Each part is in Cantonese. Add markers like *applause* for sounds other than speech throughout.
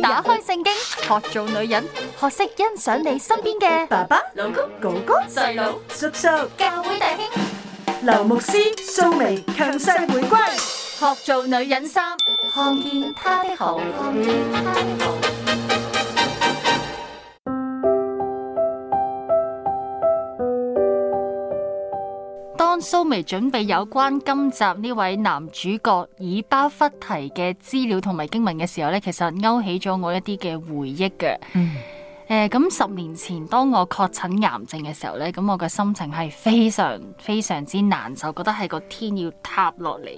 打開聖經，學做女人，學識欣賞你身邊嘅爸爸、老公、哥哥、細佬、叔叔、教會弟兄、劉牧師、蘇媚、強勢回歸。學做女人三，看見他的好，看見他的好。都未準備有關今集呢位男主角以巴弗提嘅資料同埋經文嘅時候呢，其實勾起咗我一啲嘅回憶嘅。誒、嗯，咁、呃、十年前當我確診癌症嘅時候呢，咁我嘅心情係非常非常之難受，覺得係個天要塌落嚟，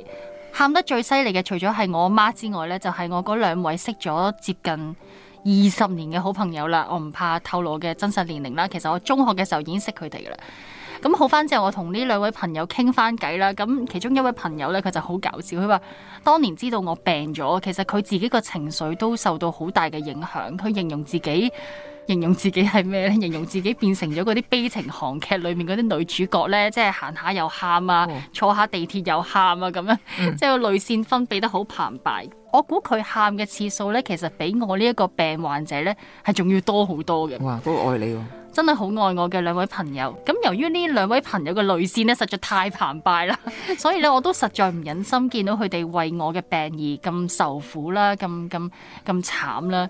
喊得最犀利嘅除咗係我阿媽之外呢就係、是、我嗰兩位識咗接近二十年嘅好朋友啦。我唔怕透露我嘅真實年齡啦，其實我中學嘅時候已經識佢哋噶啦。咁好翻之後，我同呢兩位朋友傾翻偈啦。咁其中一位朋友咧，佢就好搞笑。佢話：當年知道我病咗，其實佢自己個情緒都受到好大嘅影響。佢形容自己，形容自己係咩咧？形容自己變成咗嗰啲悲情韓劇裏面嗰啲女主角咧，即係行下又喊啊，哦、坐下地鐵又喊啊，咁樣、嗯、即係個淚腺分泌得好澎湃。我估佢喊嘅次數咧，其實比我呢一個病患者咧係仲要多好多嘅。哇！好愛你喎、哦。真係好愛我嘅兩位朋友，咁由於呢兩位朋友嘅淚腺咧實在太澎湃啦，所以咧我都實在唔忍心見到佢哋為我嘅病而咁受苦啦，咁咁咁慘啦，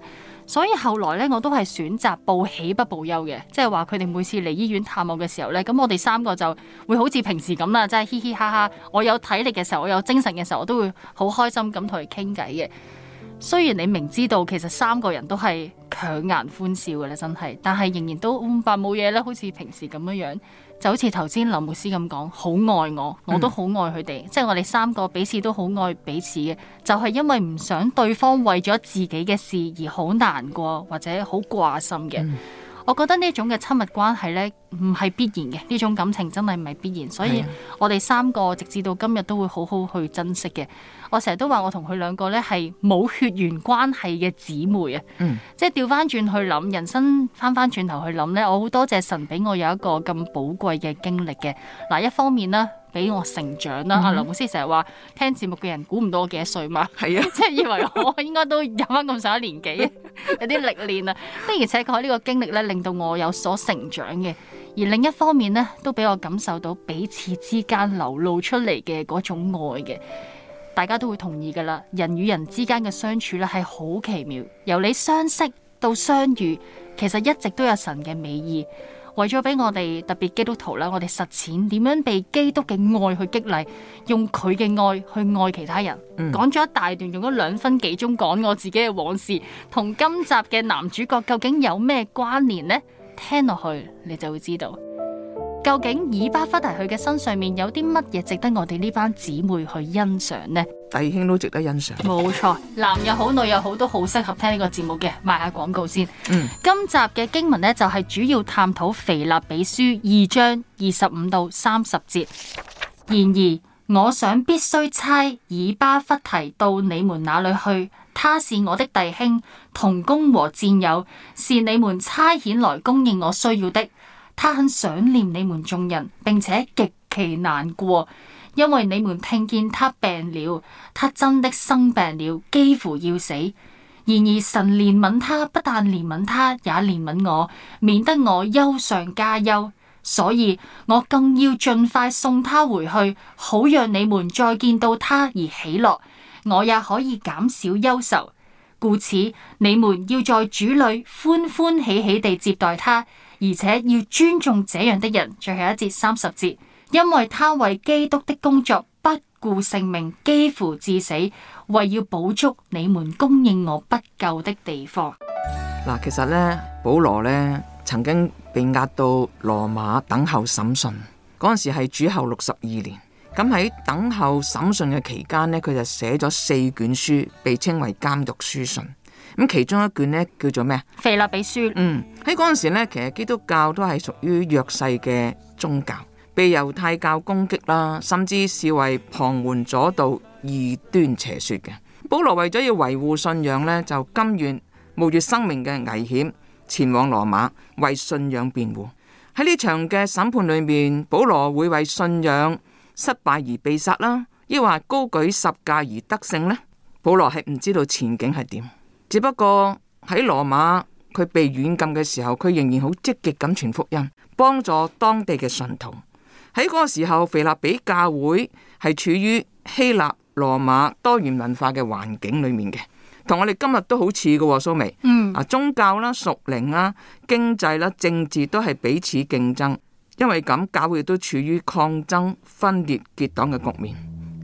所以後來呢，我都係選擇報喜不報憂嘅，即係話佢哋每次嚟醫院探我嘅時候呢，咁我哋三個就會好似平時咁啦，即係嘻嘻哈哈。我有體力嘅時候，我有精神嘅時候，我都會好開心咁同佢傾偈嘅。雖然你明知道其實三個人都係強顏歡笑嘅啦，真係，但係仍然都扮冇嘢啦，好似平時咁樣，就好似頭先林牧師咁講，好愛我，我都好愛佢哋，即係我哋三個彼此都好愛彼此嘅，就係因為唔想對方為咗自己嘅事而好難過或者好掛心嘅。我覺得呢種嘅親密關係呢，唔係必然嘅。呢種感情真係唔係必然，所以我哋三個直至到今日都會好好去珍惜嘅。我成日都話我同佢兩個呢係冇血緣關係嘅姊妹啊，嗯、即係調翻轉去諗，人生翻翻轉頭去諗呢。我好多謝神俾我有一個咁寶貴嘅經歷嘅。嗱，一方面咧。俾我成長啦、啊！阿劉牧師成日話聽節目嘅人估唔到我幾歲嘛，是啊、 *laughs* 即係以為我應該都有翻咁上下年紀，有啲歷練啊。而且確呢個經歷咧，令到我有所成長嘅。而另一方面咧，都俾我感受到彼此之間流露出嚟嘅嗰種愛嘅。大家都會同意噶啦，人與人之間嘅相處咧係好奇妙，由你相識到相遇，其實一直都有神嘅美意。為咗俾我哋特別基督徒啦，我哋實踐點樣被基督嘅愛去激勵，用佢嘅愛去愛其他人。講咗、嗯、一大段，用咗兩分幾鐘講我自己嘅往事，同今集嘅男主角究竟有咩關聯呢？聽落去你就會知道。究竟以巴弗提佢嘅身上面有啲乜嘢值得我哋呢班姊妹去欣賞呢？弟兄都值得欣賞，冇錯，男又好，女又好，都好適合聽呢個節目嘅。賣下廣告先。嗯，今集嘅經文呢，就係主要探討《腓立比書》二章二十五到三十節。然而，我想必須差以巴弗提到你們那裏去，他是我的弟兄、同工和戰友，是你們差遣來供應我需要的。他很想念你們眾人，並且極其難過，因為你們聽見他病了，他真的生病了，幾乎要死。然而神憐憫他，不但憐憫他，也憐憫我，免得我憂上加憂。所以我更要盡快送他回去，好讓你們再見到他而喜樂，我也可以減少憂愁。故此，你們要在主裏歡歡喜喜地接待他。而且要尊重這樣的人，最後一節三十節，因為他為基督的工作不顧性命，幾乎致死，為要補足你們供應我不夠的地方。嗱，其實咧，保羅咧，曾經被押到羅馬等候審訊，嗰陣時係主後六十二年。咁喺等候審訊嘅期間咧，佢就寫咗四卷書，被稱為監獄書信。咁其中一卷呢叫做咩啊？腓立比書。嗯，喺嗰陣時呢，其實基督教都係屬於弱勢嘅宗教，被猶太教攻擊啦，甚至視為旁門左道、異端邪說嘅。保羅為咗要維護信仰呢，就甘願冒住生命嘅危險前往羅馬，為信仰辯護。喺呢場嘅審判裏面，保羅會為信仰失敗而被殺啦，抑或高舉十架而得勝呢？保羅係唔知道前景係點。只不過喺羅馬，佢被軟禁嘅時候，佢仍然好積極咁傳福音，幫助當地嘅信徒。喺嗰個時候，腓立比教會係處於希臘、羅馬多元文化嘅環境裏面嘅，同我哋今日都好似嘅，蘇眉。啊、嗯，宗教啦、屬靈啦、經濟啦、政治都係彼此競爭，因為咁教會都處於抗爭、分裂、結黨嘅局面，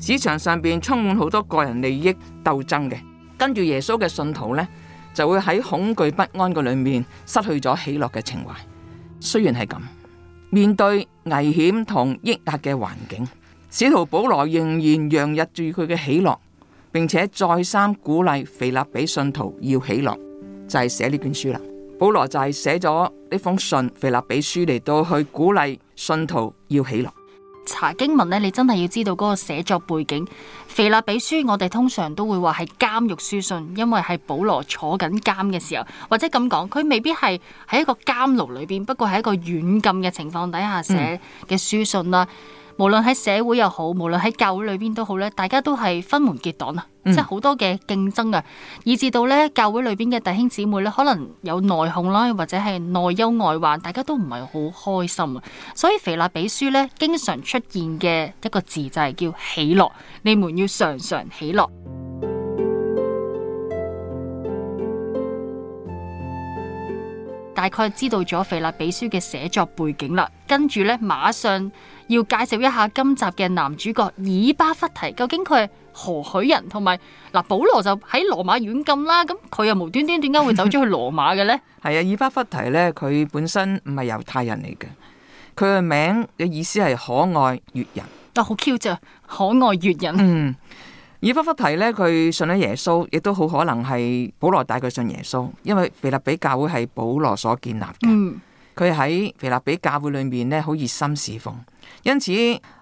市場上邊充滿好多個人利益鬥爭嘅。跟住耶穌嘅信徒呢，就會喺恐懼不安嘅裏面失去咗喜樂嘅情懷。雖然係咁，面對危險同抑壓嘅環境，使徒保羅仍然洋溢住佢嘅喜樂，並且再三鼓勵腓立比信徒要喜樂，就係、是、寫呢本書啦。保羅就係寫咗呢封信《腓立比書》嚟到去鼓勵信徒要喜樂。查經文咧，你真係要知道嗰個寫作背景。腓立比書我哋通常都會話係監獄書信，因為係保羅坐緊監嘅時候，或者咁講，佢未必係喺一個監牢裏邊，不過係一個軟禁嘅情況底下寫嘅書信啦。嗯無論喺社會又好，無論喺教會裏邊都好咧，大家都係分門結黨啊，嗯、即係好多嘅競爭啊，以至到咧教會裏邊嘅弟兄姊妹咧，可能有內訌啦，或者係內憂外患，大家都唔係好開心。所以腓立比書咧，經常出現嘅一個字就係叫喜樂，你們要常常喜樂。大概知道咗腓立比書嘅寫作背景啦，跟住呢，馬上要介紹一下今集嘅男主角以巴弗提，究竟佢係何許人？同埋嗱，保羅就喺羅馬軟禁啦，咁佢又無端端點解會走咗去羅馬嘅呢？係 *laughs* 啊，以巴弗提呢，佢本身唔係猶太人嚟嘅，佢嘅名嘅意思係可愛悅人，啊好 Q 啫，可愛悅人。嗯。以巴弗提呢，佢信咗耶穌，亦都好可能係保羅帶佢信耶穌，因為腓立比教會係保羅所建立嘅。佢喺腓立比教會裏面呢，好熱心侍奉，因此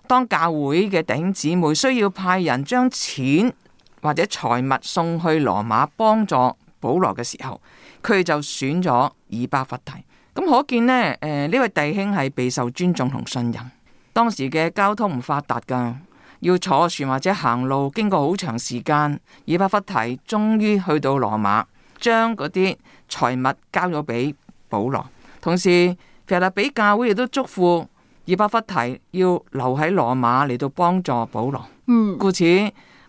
當教會嘅弟兄姊妹需要派人將錢或者財物送去羅馬幫助保羅嘅時候，佢就選咗以巴弗提。咁可見呢，誒呢位弟兄係備受尊重同信任。當時嘅交通唔發達㗎。要坐船或者行路，經過好長時間，以巴弗提終於去到羅馬，將嗰啲財物交咗俾保羅。同時，腓立比教會亦都囑咐以巴弗提要留喺羅馬嚟到幫助保羅。嗯。故此，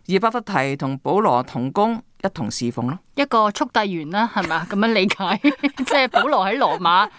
以巴弗提同保羅同工。一同侍奉咯，一個速遞員啦，係咪啊？咁樣理解，即係保羅喺羅馬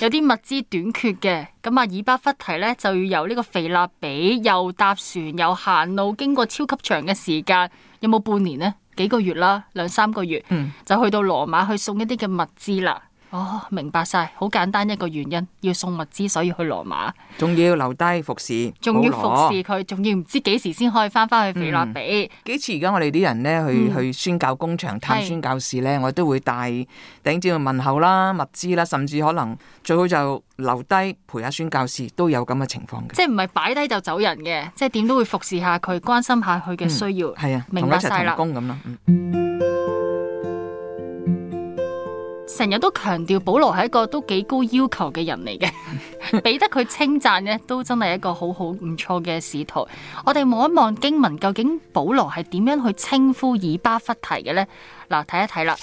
有啲物資短缺嘅，咁啊，以巴弗提呢，就要由呢個腓立比又搭船又行路，經過超級長嘅時間，有冇半年呢？幾個月啦，兩三個月、嗯、就去到羅馬去送一啲嘅物資啦。哦，明白晒。好簡單一個原因，要送物資，所以去羅馬，仲要留低服侍，仲羅要服侍佢，仲要唔知幾時先可以翻翻去腓立比、嗯。幾次而家我哋啲人咧去、嗯、去宣教工場探宣教士咧，是我都會帶頂尖去問候啦、物資啦，甚至可能最好就留低陪下宣教士，都有咁嘅情況嘅。即係唔係擺低就走人嘅，即係點都會服侍下佢，關心下佢嘅需要。係、嗯、啊，明白曬啦。同成日都強調保羅係一個都幾高要求嘅人嚟嘅，俾得佢稱讚呢，都真係一個好好唔錯嘅使徒。我哋望一望經文，究竟保羅係點樣去稱呼以巴弗提嘅呢？嗱，睇一睇啦。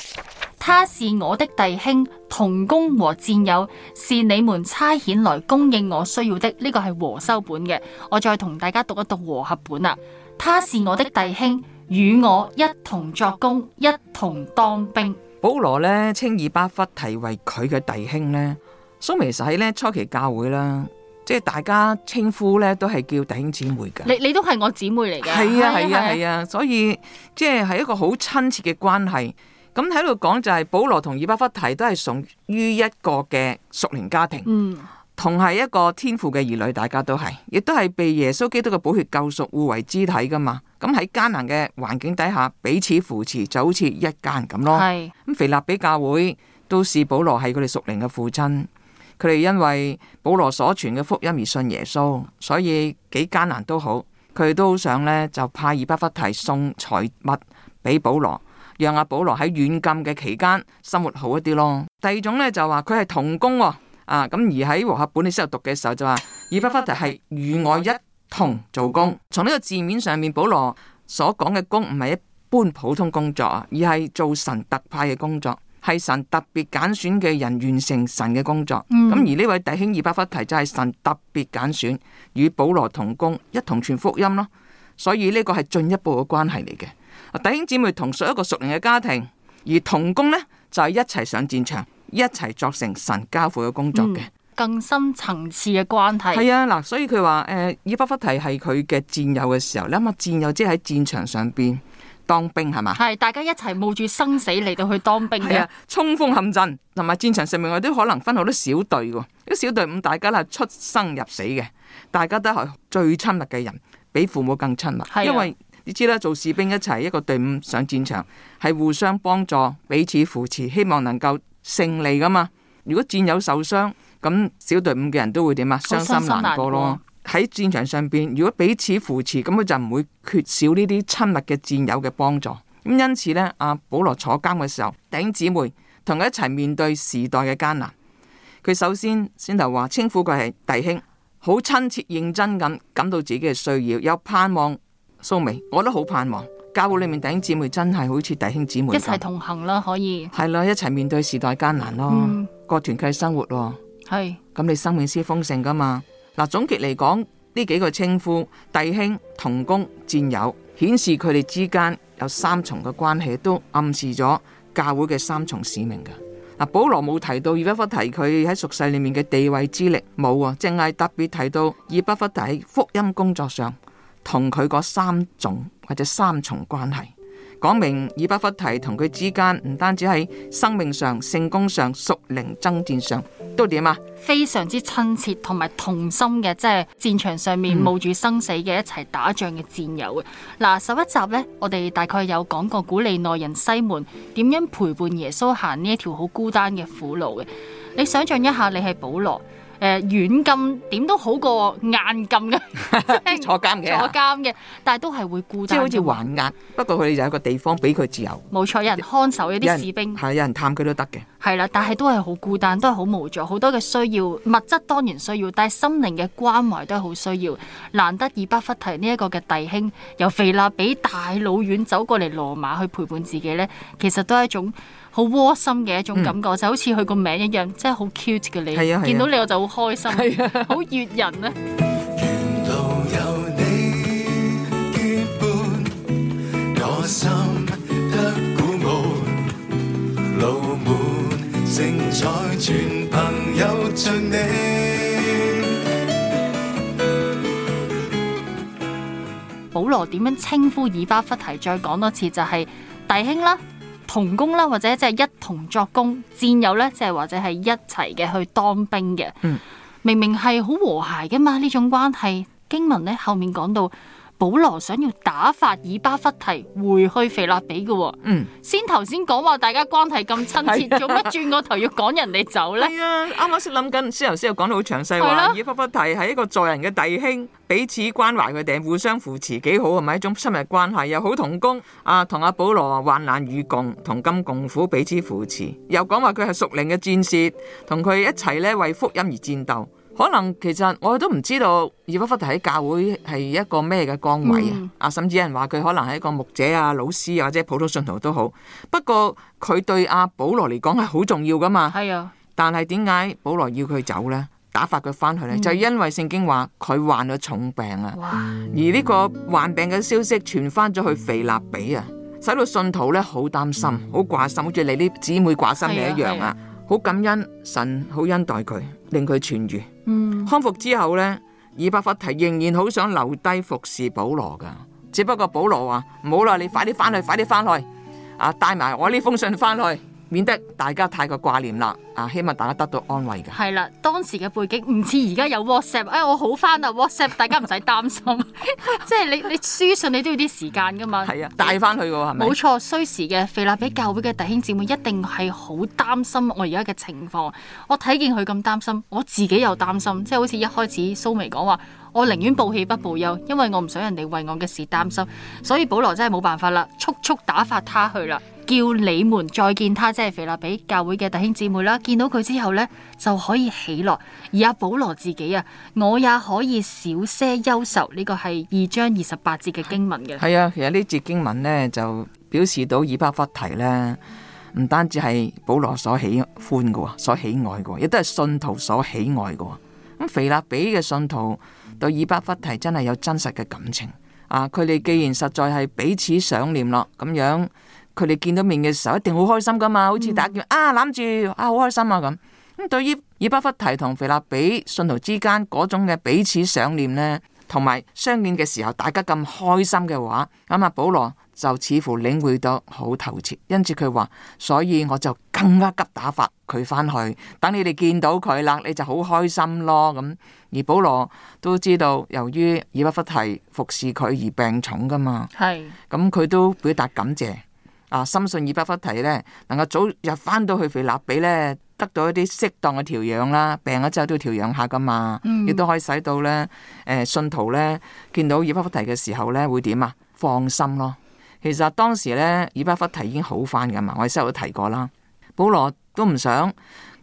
他是我的弟兄，同工和戰友，是你們差遣來供應我需要的。呢個係和修本嘅，我再同大家讀一讀和合本啊。他是我的弟兄，與我一同作工，一同當兵。保羅咧，稱以巴弗提為佢嘅弟兄咧，蘇媚使咧初期教會啦，即係大家稱呼咧都係叫弟兄姊妹噶你你都係我姊妹嚟嘅，係啊係啊係啊，啊，啊，所以即係係一個好親切嘅關係。咁喺度講就係、是、保羅同以巴弗提都係屬於一個嘅屬靈家庭。嗯。同係一個天父嘅兒女，大家都係，亦都係被耶穌基督嘅寶血救贖，互為肢體噶嘛。咁喺艱難嘅環境底下，彼此扶持，就好似一家人咁咯。係咁是，腓立比教會都視保羅係佢哋屬靈嘅父親。佢哋因為保羅所傳嘅福音而信耶穌，所以幾艱難都好，佢哋都想呢，就派以巴弗提送財物俾保羅，讓阿保羅喺軟禁嘅期間生活好一啲咯。第二種呢，就話佢係同工、哦。啊，咁而喺和合本你先有讀嘅時候就話，以巴弗提係與我一同做工。從呢個字面上面，保羅所講嘅工唔係一般普通工作啊，而係做神特派嘅工作，係神特別揀選嘅人完成神嘅工作。咁、嗯、而呢位弟兄以巴弗提就係神特別揀選，與保羅同工，一同傳福音咯。所以呢個係進一步嘅關係嚟嘅。弟兄姊妹同屬一個熟齡嘅家庭，而同工呢，就係、是、一齊上戰場。一齊作成神交付嘅工作嘅、嗯、更深層次嘅關係係啊嗱，所以佢話誒，以巴弗提係佢嘅戰友嘅時候你諗下戰友即係喺戰場上邊當兵係嘛？係大家一齊冒住生死嚟到去當兵啊，衝鋒陷陣，同埋戰場上面我都可能分好多小隊嘅，啲小隊伍大家啦，出生入死嘅，大家都係最親密嘅人，比父母更親密，啊、因為你知啦，做士兵一齊一個隊伍上戰場係互相幫助、彼此扶持，希望能夠。勝利噶嘛？如果戰友受傷，咁小隊伍嘅人都會點啊？傷心難過咯。喺 *music* 戰場上邊，如果彼此扶持，咁佢就唔會缺少呢啲親密嘅戰友嘅幫助。咁因此呢，阿保羅坐監嘅時候，弟兄姊妹同佢一齊面對時代嘅艱難。佢首先先頭話稱呼佢係弟兄，好親切認真咁感到自己嘅需要，有盼望。蘇媚，我都好盼望。教會裏面弟兄姊妹真係好似弟兄姊妹，一齊同行啦，可以係咯，一齊面對時代艱難咯，過、嗯、團契生活係咁，是你生命先豐盛噶嘛嗱。總結嚟講，呢幾個稱呼弟兄、同工、戰友，顯示佢哋之間有三重嘅關係，都暗示咗教會嘅三重使命噶嗱。保羅冇提到，以巴弗提佢喺俗世裏面嘅地位資歷，冇啊，淨係特別提到以巴弗提喺福音工作上同佢嗰三種。或者三重關係，講明以巴弗提同佢之間唔單止喺生命上、聖工上、屬靈爭戰上都點啊？非常之親切同埋同心嘅，即、就、係、是、戰場上面冒住生死嘅一齊打仗嘅戰友嗱。十一、嗯、集呢，我哋大概有講過古利奈人西門點樣陪伴耶穌行呢一條好孤單嘅苦路嘅。你想象一下你，你係保羅。誒、呃、軟禁點都好過硬禁嘅， *laughs* 坐監嘅的，坐監嘅，但係都係會孤單。即係好似還押，不過佢哋就喺個地方俾佢自由。冇錯，有人看守，有啲士兵係有，有人探佢都得嘅。係啦，但係都係好孤單，都係好無助，好多嘅需要，物質當然需要，但係心靈嘅關懷都係好需要。難得以巴弗提呢一個嘅弟兄，由腓立比大老遠走過嚟羅馬去陪伴自己咧，其實都係一種好窩心嘅一種感覺，嗯、就好似佢個名一樣，即係好 cute 嘅你，啊啊、見到你我就好開心，好悅是、啊、 *laughs* 人咧、啊。全朋友像你保羅點樣稱呼以巴弗提？再講多次就係、是、弟兄啦、同工啦，或者即係一同作工戰友咧，即係或者係一齊嘅去當兵嘅。嗯，明明係好和諧嘅嘛，呢種關係。經文咧後面講到。保羅想要打發以巴弗提回去腓立比嘅、哦，嗯、先頭先講話大家關係咁親切，做乜轉個頭要趕人哋走呢？係啊，啱啱先諗緊，先頭先又講到好詳細，話以是、啊、巴弗提係一個助人嘅弟兄，彼此關懷佢哋互相扶持，幾好係咪一種親密關係？又好同工啊，同阿保羅患難與共，同甘共苦，彼此扶持。又講話佢係屬靈嘅戰士，同佢一齊咧為福音而戰鬥。可能其實我都唔知道以巴弗提喺教會係一個咩嘅崗位啊！啊，甚至有人話佢可能係一個牧者啊、老師啊，或者普通信徒都好。不過佢對阿保羅嚟講係好重要噶嘛。係啊。但係點解保羅要佢走咧？打發佢翻去咧，就係因為聖經話佢患咗重病啊。哇！而呢個患病嘅消息傳翻咗去腓立比啊，使到信徒咧好擔心、好掛心，好似你啲姊妹掛心你一樣啊。好感恩神好恩待佢，令佢痊愈。嗯，康復之後咧，以巴弗提仍然好想留低服侍保羅噶，只不過保羅話：唔好啦，你快啲翻去，快啲翻去，啊，帶埋我呢封信翻去。免得大家太過掛念啦，啊，希望大家得到安慰嘅。係啦，當時嘅背景唔似，而家有 WhatsApp，誒、哎，我好翻啦 *laughs* ，WhatsApp，大家唔使擔心， *laughs* 即係你你書信你都要啲時間噶嘛。係啊，帶翻去嘅係咪？冇錯，嗯，需時嘅。腓立比教會嘅弟兄姊妹一定係好擔心我而家嘅情況，我睇見佢咁擔心，我自己又擔心，即係好似一開始蘇眉講話，我寧願報喜不報憂，因為我唔想人哋為我嘅事擔心，所以保羅真係冇辦法啦，速速打發他去啦。叫你們再見他，即係腓立比教會嘅弟兄姊妹啦。見到佢之後呢，就可以喜樂。而阿保羅自己啊，我也可以少些憂愁。呢個係二章二十八節嘅經文嘅，係啊。其實呢節經文呢，就表示到以巴弗提呢，唔單止係保羅所喜歡嘅，所喜愛嘅，亦都係信徒所喜愛嘅。咁腓立比嘅信徒對以巴弗提真係有真實嘅感情啊。佢哋既然實在係彼此想念咯，咁樣。佢哋見到面嘅時候，一定好開心噶嘛，好似打叫啊攬住啊，好、啊、開心啊咁。咁、嗯、對於以巴弗提同腓立比信徒之間嗰種嘅彼此想念呢，同埋相見嘅時候，大家咁開心嘅話，咁、嗯、啊保羅就似乎領會到好透徹，因此佢話，所以我就更加急打發佢返去，等你哋見到佢啦，你就好開心咯。咁、嗯、而保羅都知道，由於以巴弗提服侍佢而病重噶嘛，係咁佢都表達感謝。啊，深信以巴弗提咧，能夠早日翻到去腓立比咧，得到一啲適當嘅調養啦。病咗之後都要調養下噶嘛，亦都、嗯、可以使到咧。誒，信徒咧見到以巴弗提嘅時候咧，會點啊？放心咯。其實當時咧，以巴弗提已經好翻噶嘛，我哋先都提過啦。保羅都唔想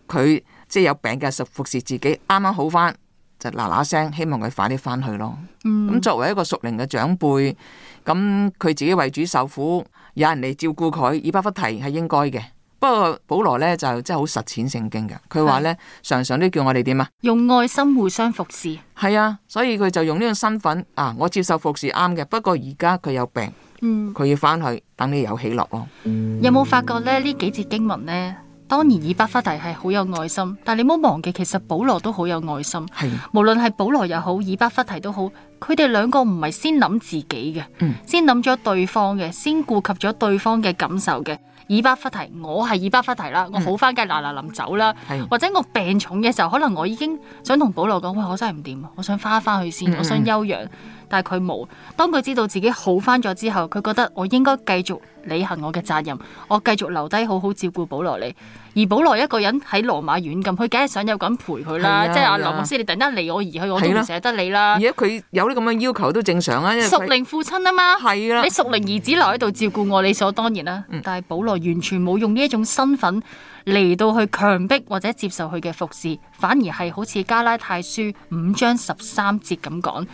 佢即係有病嘅服侍自己，啱啱好翻就嗱嗱聲，希望佢快啲翻去咯。咁、嗯、作為一個屬靈嘅長輩，咁佢自己為主受苦。有人嚟照顧佢，以巴弗提係應該嘅。不過保羅咧就真係好實踐聖經嘅，佢話咧常常都叫我哋點啊？用愛心互相服侍。係啊，所以佢就用呢個身份啊，我接受服侍啱嘅。不過而家佢有病，佢、嗯、要翻去等你有喜樂咯。有冇發覺咧呢幾節經文咧？當然，以巴弗提係好有愛心，但係你唔好忘記，其實保羅都好有愛心。係是，無論係保羅又好，以巴弗提都好，佢哋兩個唔係先諗自己嘅，嗯、先諗咗對方嘅，先顧及咗對方嘅感受嘅。以巴弗提，我係以巴弗提啦，嗯、我好翻，梗係嗱嗱臨走啦，是或者我病重嘅時候，可能我已經想同保羅講，喂，我真係唔掂，我想翻一翻去先，我想休養。嗯、但係佢冇，當佢知道自己好翻咗之後，佢覺得我應該繼續。履行我嘅責任，我繼續留低好好照顧保羅你。而保羅一個人喺羅馬軟禁，佢梗係想有個人陪佢啦。啊、即係阿林牧師，你突然間離我而去，我點捨得你啦？而家佢有啲咁嘅要求都正常啊。屬靈父親啊嘛，啊，你屬靈兒子留喺度照顧我，理所當然啦。嗯、但係保羅完全冇用呢一種身份嚟到去強迫或者接受佢嘅服侍，反而係好似加拉太書五章十三節咁講，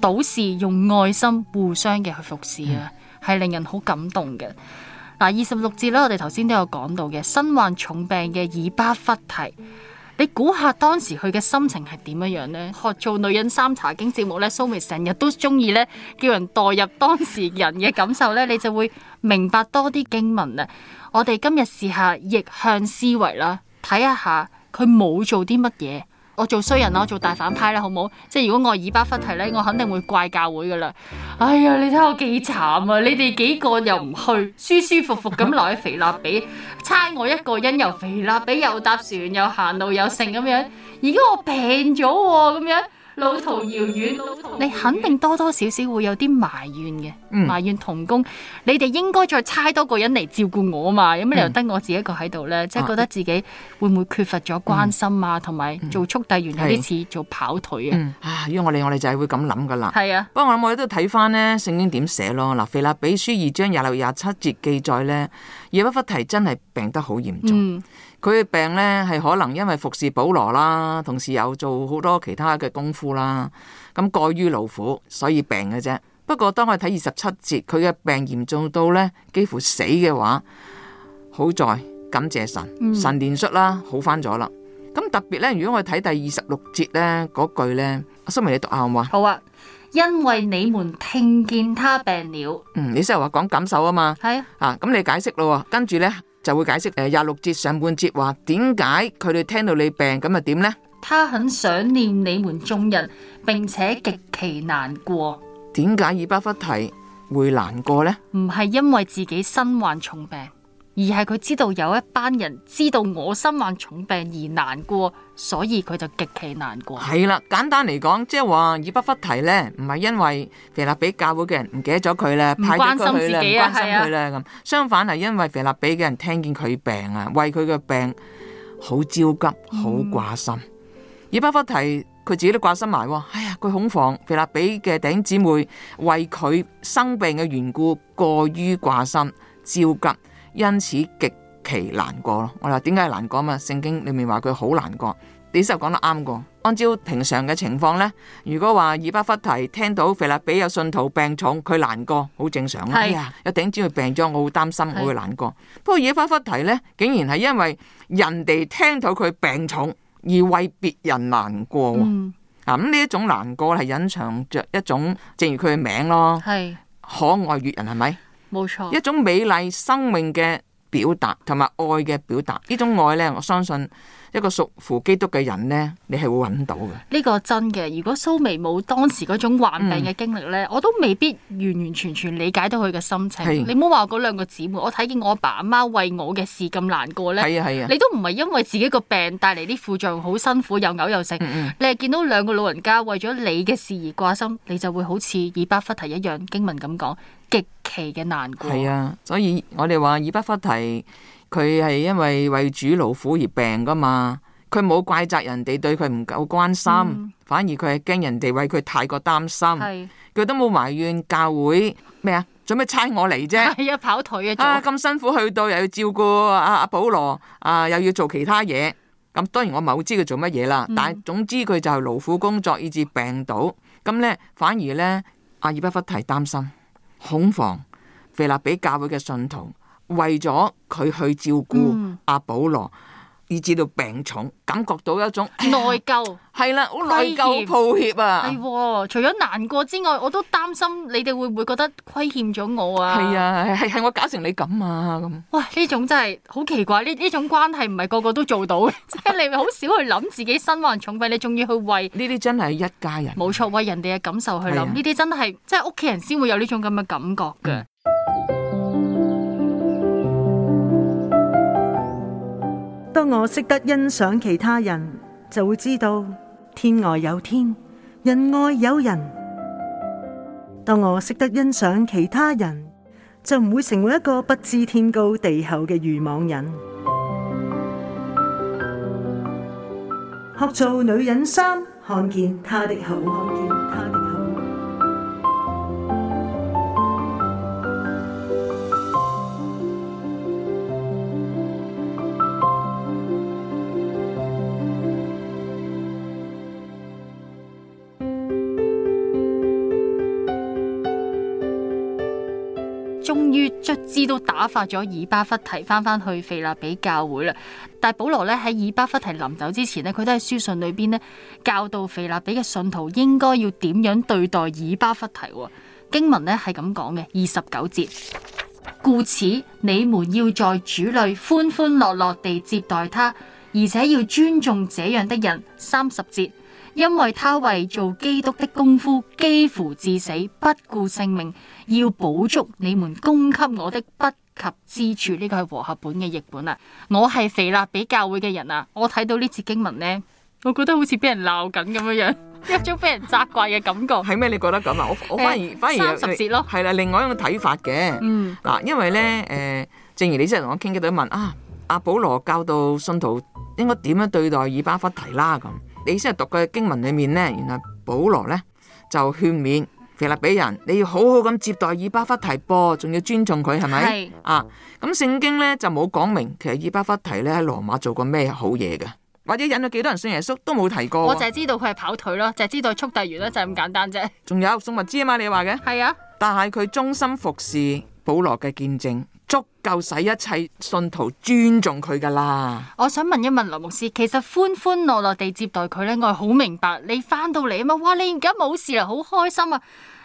倒是用愛心互相嘅去服侍啊。嗯係令人好感動嘅嗱，二十六節咧，我哋頭先都有講到嘅，身患重病嘅以巴弗提，你估下當時佢嘅心情係點樣樣咧？學做女人三查經節目咧，蘇媚成日都中意咧叫人代入當事人嘅感受咧，你就會明白多啲經文啊！我哋今日試下逆向思維啦，睇一下佢冇做啲乜嘢。我做衰人啦，我做大反派啦，好唔好？即係如果我係以巴弗提咧，我肯定會怪教會噶啦。哎呀，你睇我幾慘啊！你哋幾個又唔去，舒舒服服咁落去腓立比，差我一個人又腓立比，又搭船又行路又成咁樣，而家我病咗喎咁樣。路途遙遠，你肯定多多少少會有啲埋怨嘅。嗯、埋怨同工，你哋應該再差多個人嚟照顧我嘛，有咩理由得我自己一個喺度咧？嗯、即係覺得自己會唔會缺乏咗關心啊，同埋、嗯、做速遞員有啲似做跑腿嘅。啊，嗯、因為我哋我哋就係會咁諗噶啦。係啊，不過我諗我哋都睇翻咧，聖經點寫咯？嗱，腓立比書二章廿六廿七節記載咧，以巴弗提真係病得好嚴重。嗯佢嘅病咧，係可能因為服侍保羅啦，同時又做好多其他嘅功夫啦，咁過於勞苦，所以病嘅啫。不過當我睇二十七節，佢嘅病嚴重到咧，幾乎死嘅話，好在感謝神，神憐恤啦，好翻咗啦。咁特別咧，如果我睇第二十六節咧嗰句咧，阿蘇明你讀下好嘛？好啊，因為你們聽見他病了。嗯，你即係話講感受啊嘛。係啊。啊，咁你解釋咯喎，跟住咧。就會解釋誒廿六節上半節話，點解佢哋聽到你病咁啊點呢？「他很想念你們眾人，並且極其難過。點解以巴弗提會難過呢？唔係因為自己身患重病。而係佢知道有一班人知道我身患重病而難過，所以佢就極其難過。係啦，簡單嚟講，即係話以巴弗提呢，唔係因為腓立比教會嘅人唔記得咗佢啦，派咗佢啦，唔關心佢啦咁。係呀，相反係因為腓立比嘅人聽見佢病啊，為佢嘅病好焦急，好掛心。嗯、以巴弗提佢自己都掛心埋，哎呀，佢恐防，腓立比嘅弟兄姊妹為佢生病嘅緣故過於掛心焦急。因此極其難過咯，我話點解難過啊？嘛聖經裡面話佢好難過，你實講得啱過。按照平常嘅情況咧，如果話以巴弗提聽到腓立比有信徒病重，佢難過，好正常啊。是哎呀，一頂知佢病咗，我好擔心，我會難過。不過以巴弗提咧，竟然係因為人哋聽到佢病重而為別人難過、嗯、啊！啊咁呢一種難過係隱藏着一種，正如佢嘅名咯，是可愛悅人係咪？冇錯，一種美麗生命嘅表達，同埋愛嘅表達。呢種愛呢，我相信一個屬乎基督嘅人呢，你係會揾到嘅。呢個真嘅。如果蘇媚冇當時嗰種患病嘅經歷呢，嗯、我都未必完完全全理解到佢嘅心情。是你唔好話嗰兩個姊妹，我睇見我阿爸阿媽為我嘅事咁難過呢。你都唔係因為自己個病帶嚟啲副作用好辛苦又嘔又食，有有嗯嗯你係見到兩個老人家為咗你嘅事而掛心，你就會好似以巴弗提一樣經文咁講。極其嘅難過係啊，所以我哋話以巴弗提佢係因為為主勞苦而病噶嘛。佢冇怪責人哋對佢唔夠關心，反而佢係驚人哋為佢太過擔心。係，佢都冇埋怨教會咩啊？做咩差我嚟啫？係啊，跑腿啊，咁辛苦去到又要照顧阿阿保羅啊，又要做其他嘢。咁當然我冇知佢做乜嘢啦，但總之佢就係勞苦工作以至病倒。咁咧反而咧，阿以巴弗提擔心。恐防腓立比教會嘅信徒為咗佢去照顧阿保羅。以至到病重，感覺到一種內疚，係啦，好內疚、抱歉啊，係，除咗難過之外，我都擔心你哋會唔會覺得虧欠咗我啊？係啊，係係、啊啊、我搞成你咁啊咁。哇，呢種真係好奇怪，呢呢種關係唔係個個都做到，即係 *laughs* *laughs* 你咪好少去諗自己身患重病，你仲要去為呢啲真係一家人、啊，冇錯，為人哋嘅感受去諗，呢啲、啊、真係即係屋企人先會有呢種咁嘅感覺嘅。嗯當我識得欣賞其他人，就會知道天外有天，人外有人。當我識得欣賞其他人，就唔會成為一個不知天高地厚嘅愚妄人。 *music* 學做女人三，看見他的好。 *music* 卒之都打發咗，以巴弗提翻返去腓立比教會啦。但係保羅咧喺以巴弗提臨走之前咧，佢都喺書信裏邊咧教導腓立比嘅信徒應該要點樣對待以巴弗提，哦。經文咧係咁講嘅，二十九節，故此你們要在主裏歡歡樂樂地接待他，而且要尊重這樣的人。三十節。因為他為做基督的功夫幾乎致死不顧性命，要補足你們供給我的不及之處，呢、這個係和合本嘅譯本啦。我係腓立比教會嘅人啊，我睇到呢節經文呢，我覺得好似俾人鬧緊咁樣樣， *laughs* 一種俾人責怪嘅感覺。係咩，你覺得咁啊？我我反而、呃、反而三十節咯，係啦，另外一個睇法嘅。嗯，嗱，因為呢，誒、呃，正如你真係同我傾偈都問啊，阿保羅教導信徒應該點樣對待以巴弗提啦咁。你先係讀嘅經文裏面呢，原來保羅呢，就勸勉腓立比人，你要好好咁接待以巴弗提波，仲要尊重佢，係咪是啊？咁聖經呢，就冇講明，其實以巴弗提呢，喺羅馬做過咩好嘢嘅，或者引咗幾多人信耶穌都冇提過。我淨係知道佢係跑腿咯，淨係知道速遞員咯，就係咁簡單啫。仲有送物資啊嘛。你話嘅係啊，但係佢忠心服侍保羅嘅見證足夠使一切信徒尊重佢㗎喇。我想問一問劉牧師，其實歡歡樂樂地接待佢咧，我係好明白。你翻到嚟啊嘛，哇！你而家冇事喇，好開心啊！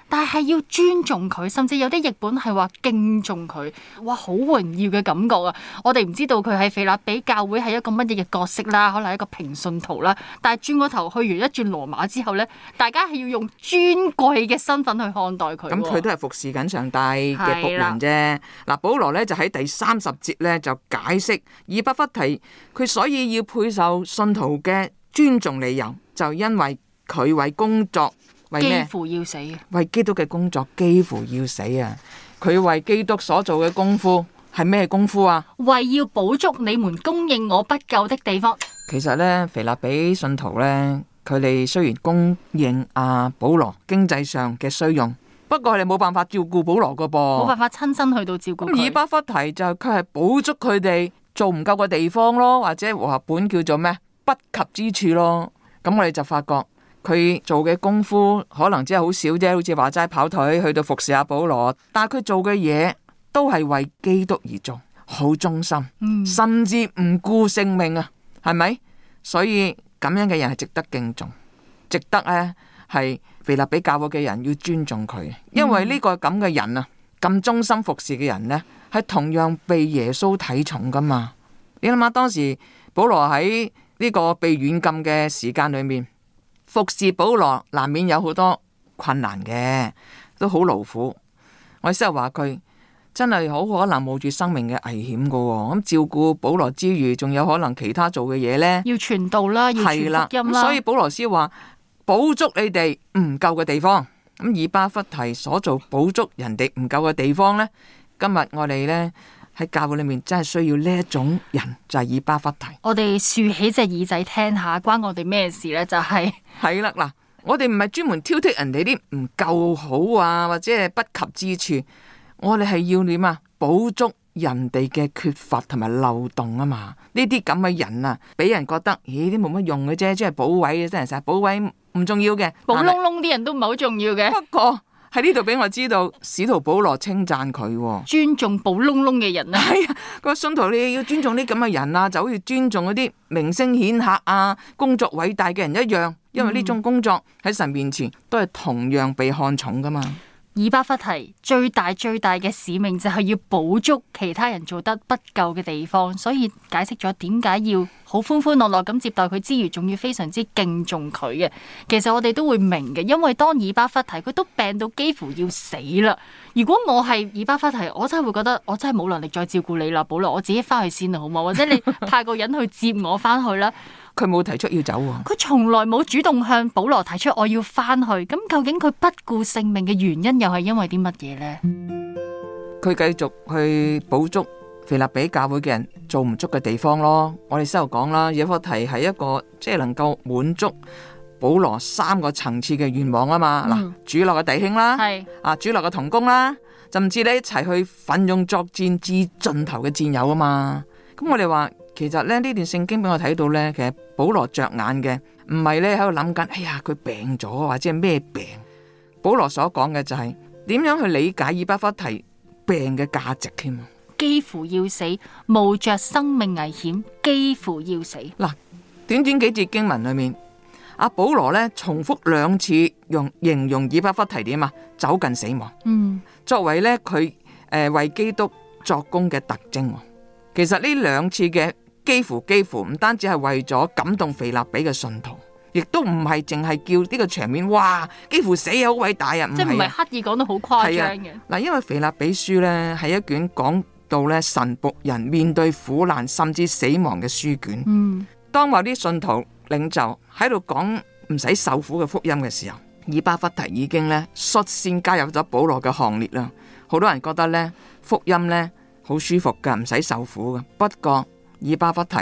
但係要尊重佢，甚至有啲譯本係話敬重佢，哇，好榮耀嘅感覺啊！我哋唔知道佢喺腓立比教會係一個乜嘢嘅角色啦，可能係一個平信徒啦。但係轉個頭去完一轉羅馬之後呢，大家係要用尊貴嘅身份去看待佢。咁佢都係服侍緊上帝嘅僕人啫。嗱的，保羅呢就喺第三十節呢就解釋，以巴弗提佢所以要配受信徒嘅尊重理由，就因為佢為工作。幾乎要死嘅，為基督嘅工作幾乎要死啊！佢為基督所做嘅功夫係咩功夫啊？為要補足你們供應我不夠的地方。其實咧，腓立比信徒咧，佢哋雖然供應阿、啊、保羅經濟上嘅需用，不過佢哋冇辦法照顧保羅噶噃冇辦法親身去到照顧佢。以巴弗提就佢係補足佢哋做唔夠嘅地方咯，或者和合本叫做咩？不及之處咯。咁我哋就發覺。佢做嘅功夫，可能只係好少啫，好似話齋跑腿去到服侍阿保羅，但係佢做嘅嘢都係為基督而做，好忠心，甚至唔顧性命啊，係咪？所以咁樣嘅人係值得敬重，值得呢係腓立比教我嘅人要尊重佢，因為呢個咁嘅人啊，咁忠心服侍嘅人呢，係同樣被耶穌睇重噶嘛。你諗下，當時保羅喺呢個被軟禁嘅時間裏面。服侍保羅難免有好多困難嘅，都好勞苦。我意思係話佢真係好可能冒住生命嘅危險噶、哦，咁照顧保羅之餘，仲有可能其他做嘅嘢呢？要傳道啦，要傳福音啦。咁所以保羅斯話補足你哋唔夠嘅地方。咁以巴弗提所做補足人哋唔夠嘅地方呢？今日我哋呢。喺教會裏面真係需要呢一種人，就係、是、以巴弗提。我哋豎起隻耳仔聽下，關我哋咩事咧？就係係啦嗱，我哋唔係專門挑剔人哋啲唔夠好啊，或者係不及之處。我哋係要點啊？補足人哋嘅缺乏同埋漏洞啊嘛。呢啲咁嘅人啊，俾人覺得，咦、欸，啲冇乜用嘅啫，即係補位嘅真係實，補位唔重要嘅，補窿窿啲人都唔係好重要嘅。 *noise* 不過。喺呢度俾我知道，使徒保羅稱讚佢，尊重暴隆隆嘅人啊，係啊、哎，個信徒你要尊重啲咁嘅人啊，就好似尊重嗰啲名聲顯赫啊，工作偉大嘅人一樣，因為呢種工作喺神面前都係同樣被看重噶嘛。嗯以巴弗提最大最大嘅使命就係要補足其他人做得不夠嘅地方，所以解釋咗點解要好歡歡樂樂咁接待佢之餘，仲要非常之敬重佢嘅。其實我哋都會明嘅，因為當以巴弗提佢都病到幾乎要死啦。如果我係以巴弗提，我真係會覺得我真係冇能力再照顧你啦，保羅，我自己翻去先啦，好嘛？或者你派個人去接我翻去啦。佢冇提出要走喎。佢從來冇主動向保羅提出我要翻去。咁究竟佢不顧性命嘅原因又係因為啲乜嘢咧？佢繼續去補足腓立比教會嘅人做唔足嘅地方咯。我哋先又講啦，巴弗提係一個即係能夠滿足保羅三個層次嘅願望啊嘛。嗱，主內嘅弟兄啦，係啊，主內嘅同工啦，甚至咧一齊去奮勇作戰至盡頭嘅戰友啊嘛。咁我哋話。其實咧，呢段聖經俾我睇到咧，其實保羅着眼嘅唔係咧喺度諗緊，哎呀佢病咗或者係咩病。保羅所講嘅就係、是、點樣去理解以巴弗提病嘅價值添啊？幾乎要死，冒着生命危險，幾乎要死。嗱，短短幾字經文裏面，阿、啊、保羅咧重複兩次用形容以巴弗提點啊，走近死亡。嗯，作為咧佢誒為基督作工嘅特徵，其實呢兩次嘅。幾乎幾乎唔單止係為咗感動腓立比嘅信徒，亦都唔係淨係叫呢個場面哇，幾乎死嘢好偉大啊！即係唔係刻意講得好誇張嘅嗱，因為腓立比書呢係一卷講到呢神僕人面對苦難甚至死亡嘅書卷。嗯，當某啲信徒領袖喺度講唔使受苦嘅福音嘅時候，以巴弗提已經呢率先加入咗保羅嘅行列啦。好多人覺得呢福音呢好舒服噶，唔使受苦嘅，不過。以巴弗提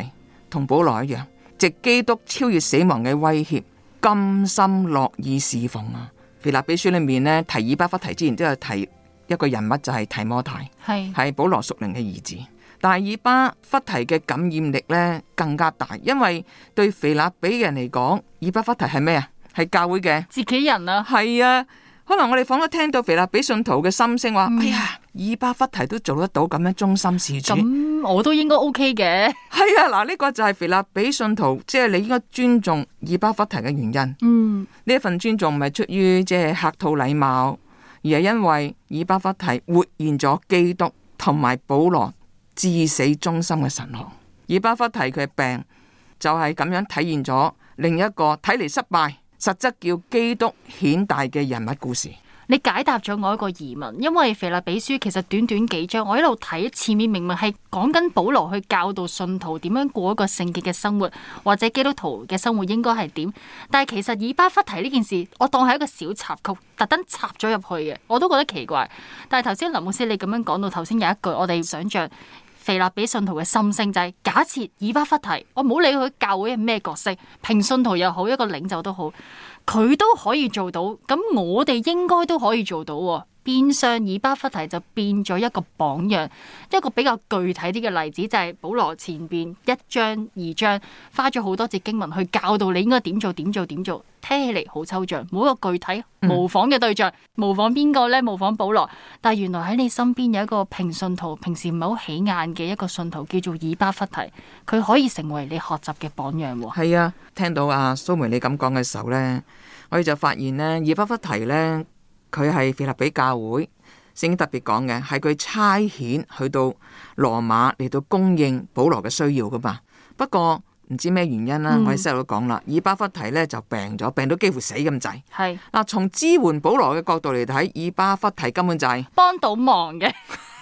同保羅一樣，藉基督超越死亡嘅威脅，甘心樂意侍奉啊！腓立比書裏面呢，提以巴弗提之前都有提一個人物，就係提摩太，係是保羅屬靈嘅兒子。但係以巴弗提嘅感染力呢，更加大，因為對腓立比嘅人嚟講，以巴弗提係咩啊？係教會嘅自己人啊？係啊，可能我哋彷彿聽到腓立比信徒嘅心聲話：嗯、哎呀！以巴弗提都做得到咁樣忠心事主，咁我都應該 O K 嘅。係啊， *laughs* 嗱呢、這個就係腓立比信徒即係、就是、你應該尊重以巴弗提嘅原因。嗯，呢一份尊重唔係出於即係客套禮貌，而係因為以巴弗提活現咗基督同埋保羅至死忠心嘅神學。以巴弗提佢嘅病就係咁樣體現咗另一個睇嚟失敗，實質叫基督顯大嘅人物故事。你解答咗我一個疑問，因為腓立比書其實短短幾章，我喺度睇前面明明係講緊保羅去教導信徒點樣過一個聖潔嘅生活，或者基督徒嘅生活應該係點。但係其實以巴弗提呢件事，我當係一個小插曲，特登插咗入去嘅，我都覺得奇怪。但係頭先林牧師你咁樣講到頭先有一句，我哋想像腓立比信徒嘅心聲就係、是：假設以巴弗提，我冇理佢教會係咩角色，平信徒又好，一個領袖都好。佢都可以做到，咁我哋應該都可以做到喎、哦。變相，以巴弗提就變咗一個榜樣，一個比較具體啲嘅例子，就係保羅前邊一章二章，花咗好多節經文去教導你應該點做點做點做，聽起嚟好抽象，冇一個具體模仿嘅對象，嗯、模仿邊個呢？模仿保羅，但係原來喺你身邊有一個平信徒，平時唔係好起眼嘅一個信徒，叫做以巴弗提，佢可以成為你學習嘅榜樣、哦。係啊，聽到阿、啊、蘇梅你咁講嘅時候呢，我哋就發現呢，以巴弗提呢。佢係腓立比教會聖經特別講嘅，係佢差遣去到羅馬嚟到供應保羅嘅需要㗎嘛。不過，唔知咩原因啦，我喺細佬講啦，以巴弗提咧就病咗，病到幾乎死咁滯。係嗱是，從支援保羅嘅角度嚟睇，以巴弗提根本就係、是、幫到忙嘅。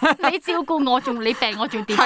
*laughs* 你照顧我，仲你病我仲點樣照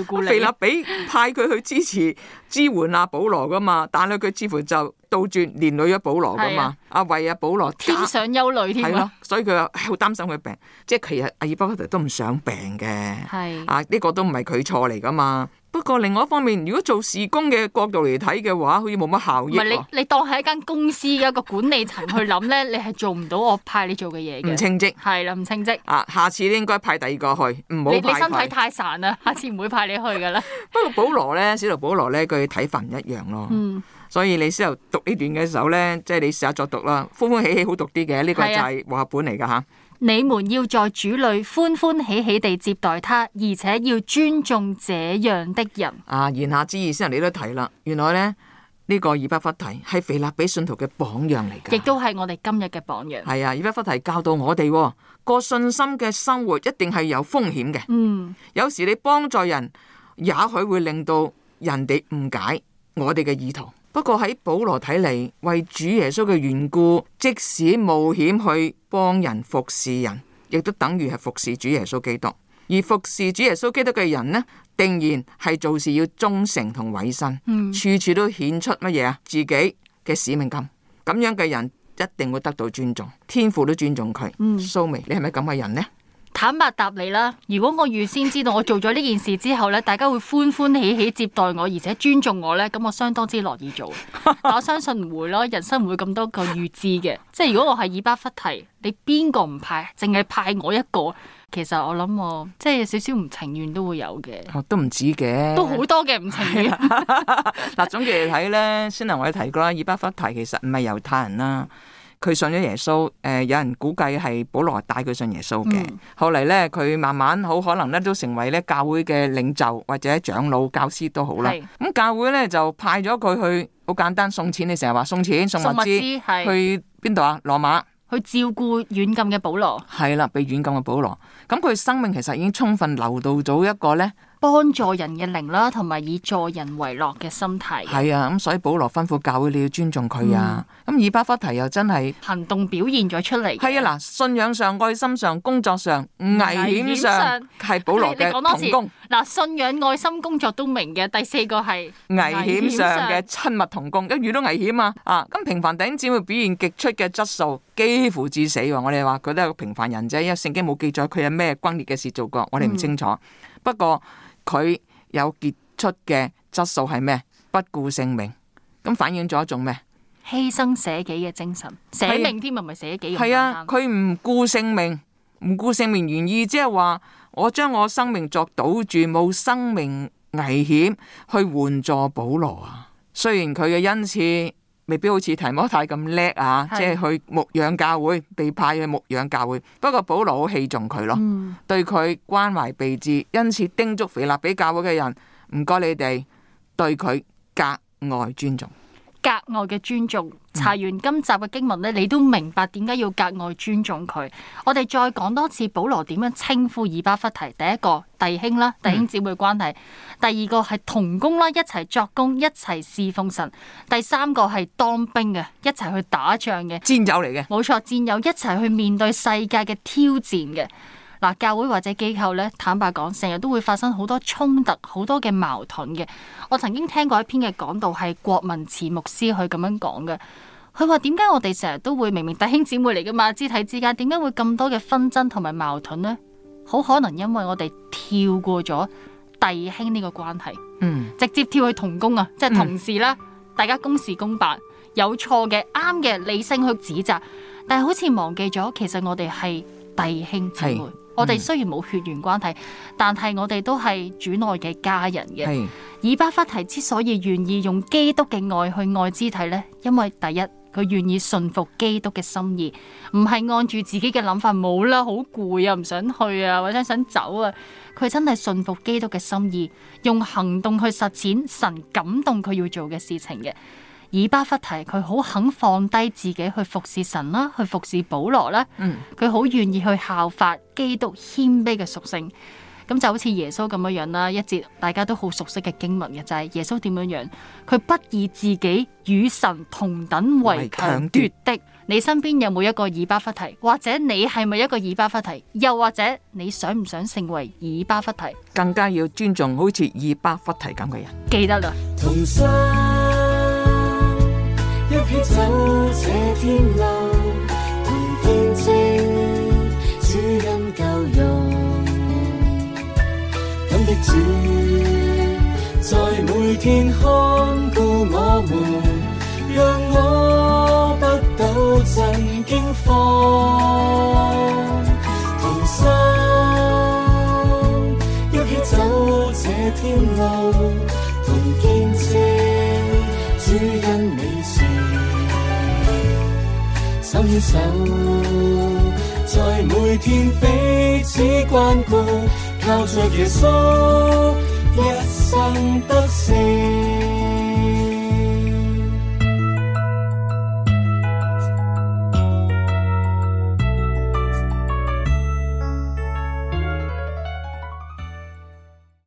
顧你？係啦，腓立比派佢去支持支援阿保羅噶嘛，但係佢似乎就倒轉連累咗保羅噶嘛。阿為阿保羅添上憂慮添咯，所以佢好擔心佢病。即係其實以巴弗提都唔想病嘅。係的啊，呢、這個都唔係佢錯嚟噶嘛。不過另外一方面，如果做事工嘅角度嚟睇嘅話，好似冇乜效益。唔係你，你當喺一間公司一個管理層去諗咧， *laughs* 你係做唔到我派你做嘅嘢嘅。唔稱職，係啦，唔稱職。啊，下次應該派第二個去，唔好你。你身體太孱啦，下次唔會派你去噶啦。 *laughs* 不過保羅咧，使徒保羅咧，佢睇法唔一樣咯。嗯，所以你先又讀呢段嘅時候咧，即係你試下作讀啦，歡歡喜喜，喜好，好讀啲嘅。呢個就係活本嚟噶吓。 *laughs* *laughs* 你們要在主裏歡歡喜喜地接待他，而且要尊重這樣的人。啊，言下之意先人你都睇啦，原來咧呢，這個以巴弗提係腓立比信徒嘅榜樣嚟，嘅，亦都係我哋今日嘅榜樣。係啊，以巴弗提教到我哋，哦，個信心嘅生活一定係有風險嘅。嗯，有時你幫助人，也許會令到人哋誤解我哋嘅意圖。不過喺保羅睇嚟，為主耶穌嘅緣故，即使冒險去幫人服侍人，亦都等於係服侍主耶穌基督。而服侍主耶穌基督嘅人呢，定然係做事要忠誠同委身，嗯、處處都顯出乜嘢啊？自己嘅使命感，咁樣嘅人一定會得到尊重，天父都尊重佢。蘇媚、嗯，so, 你係咪咁嘅人呢？坦白答你啦，如果我預先知道我做咗呢件事之後咧，大家會歡歡喜喜接待我，而且尊重我咧，咁我相當之樂意做。我相信唔會咯，人生唔會咁多個預知嘅。即係如果我係以巴弗提，你邊個唔派？淨係派我一個？其實我諗我即係少少唔情願都會有嘅、哦。都唔止嘅，都好多嘅唔情願。嗱 *laughs* *laughs* 總結嚟睇咧，先頭我哋提過啦，以巴弗提其實唔係猶太人啦。佢信咗耶穌，誒、呃，有人估計係保羅帶佢信耶穌嘅。嗯、後嚟咧，佢慢慢好可能咧，都成為咧教會嘅領袖或者長老、教師都好啦。咁是教會咧就派咗佢去，好簡單送錢，你成日話送錢送物資，去邊度啊？羅馬去照顧軟禁嘅保羅，係啦，被軟禁嘅保羅。咁佢生命其實已經充分流到到一個咧。幫助人嘅靈啦，同埋以助人為樂嘅心態。係啊，咁所以保羅吩咐教會你要尊重佢啊。咁以巴弗提又真係行動表現咗出嚟。係啊，嗱，信仰上、愛心上、工作上、危險上，係保羅嘅同工。嗱，信仰、愛心、工作都明嘅。第四個係危險上嘅親密同工。一遇到危險啊，啊，咁平凡頂子會表現極出嘅質素，幾乎致死。我哋話佢都係個平凡人啫，因為聖經冇記載佢有咩轟烈嘅事做過，我哋唔清楚。不過。佢有傑出嘅質素係咩？不顧性命，咁反映咗一種咩？犧牲捨己嘅精神，捨命添，係咪捨己咁？係啊，佢唔顧性命，唔顧性命原意，即係話我將我生命作賭注，冇生命危險去援助保羅啊！雖然佢嘅恩賜。未必好似提摩太咁叻啊！的即係去牧養教會，被派去牧養教會。不過保羅好器重佢咯。嗯、對佢關懷備至，因此叮囑腓立比教會嘅人：唔該你哋對佢格外尊重。格外嘅尊重，查完今集嘅經文咧，你都明白點解要格外尊重佢。我哋再講多次，保羅點樣稱呼以巴弗提？第一個弟兄啦，弟兄姊妹關係；第二個係同工啦，一齊作工，一齊侍奉神；第三個係當兵嘅，一齊去打仗嘅，戰友嚟嘅，冇錯，戰友一齊去面對世界嘅挑戰嘅。嗱，教會或者機構咧，坦白講，成日都會發生好多衝突，好多嘅矛盾嘅。我曾經聽過一篇嘅講道，係郭文池牧師佢咁樣講嘅。佢話點解我哋成日都會明明弟兄姊妹嚟嘅嘛，肢體之間點解會咁多嘅紛爭同埋矛盾呢？好可能因為我哋跳過咗弟兄呢個關係，嗯、直接跳去同工啊，即係同事啦、啊。嗯、大家公事公辦，有錯嘅啱嘅理性去指責，但係好似忘記咗其實我哋係弟兄姊妹。我哋雖然冇血緣關係，但係我哋都係主內嘅家人嘅。是以巴弗提之所以願意用基督嘅愛去愛肢體呢，因為第一，佢願意信服基督嘅心意，唔係按住自己嘅諗法冇啦，好攰啊，唔想去啊，或者想走啊。佢真係信服基督嘅心意，用行動去實踐神感動佢要做嘅事情嘅。以巴弗提佢好肯放低自己去服侍神啦，去服侍保羅啦。嗯，佢好願意去效法基督謙卑嘅屬性。咁就好似耶穌咁樣樣啦，一節大家都好熟悉嘅經文嘅就係耶穌點樣樣，佢不以自己與神同等為強奪的。你身邊有冇一個以巴弗提，或者你係咪一個以巴弗提，又或者你想唔想成為以巴弗提？更加要尊重好似以巴弗提咁嘅人。記得啦。同一起走這天路，同見證主恩夠用。感激主在每天看顧我們，讓我得到震驚慌，同心一起走這天路。手，在每天彼此關顧，靠着耶穌，一生得勝。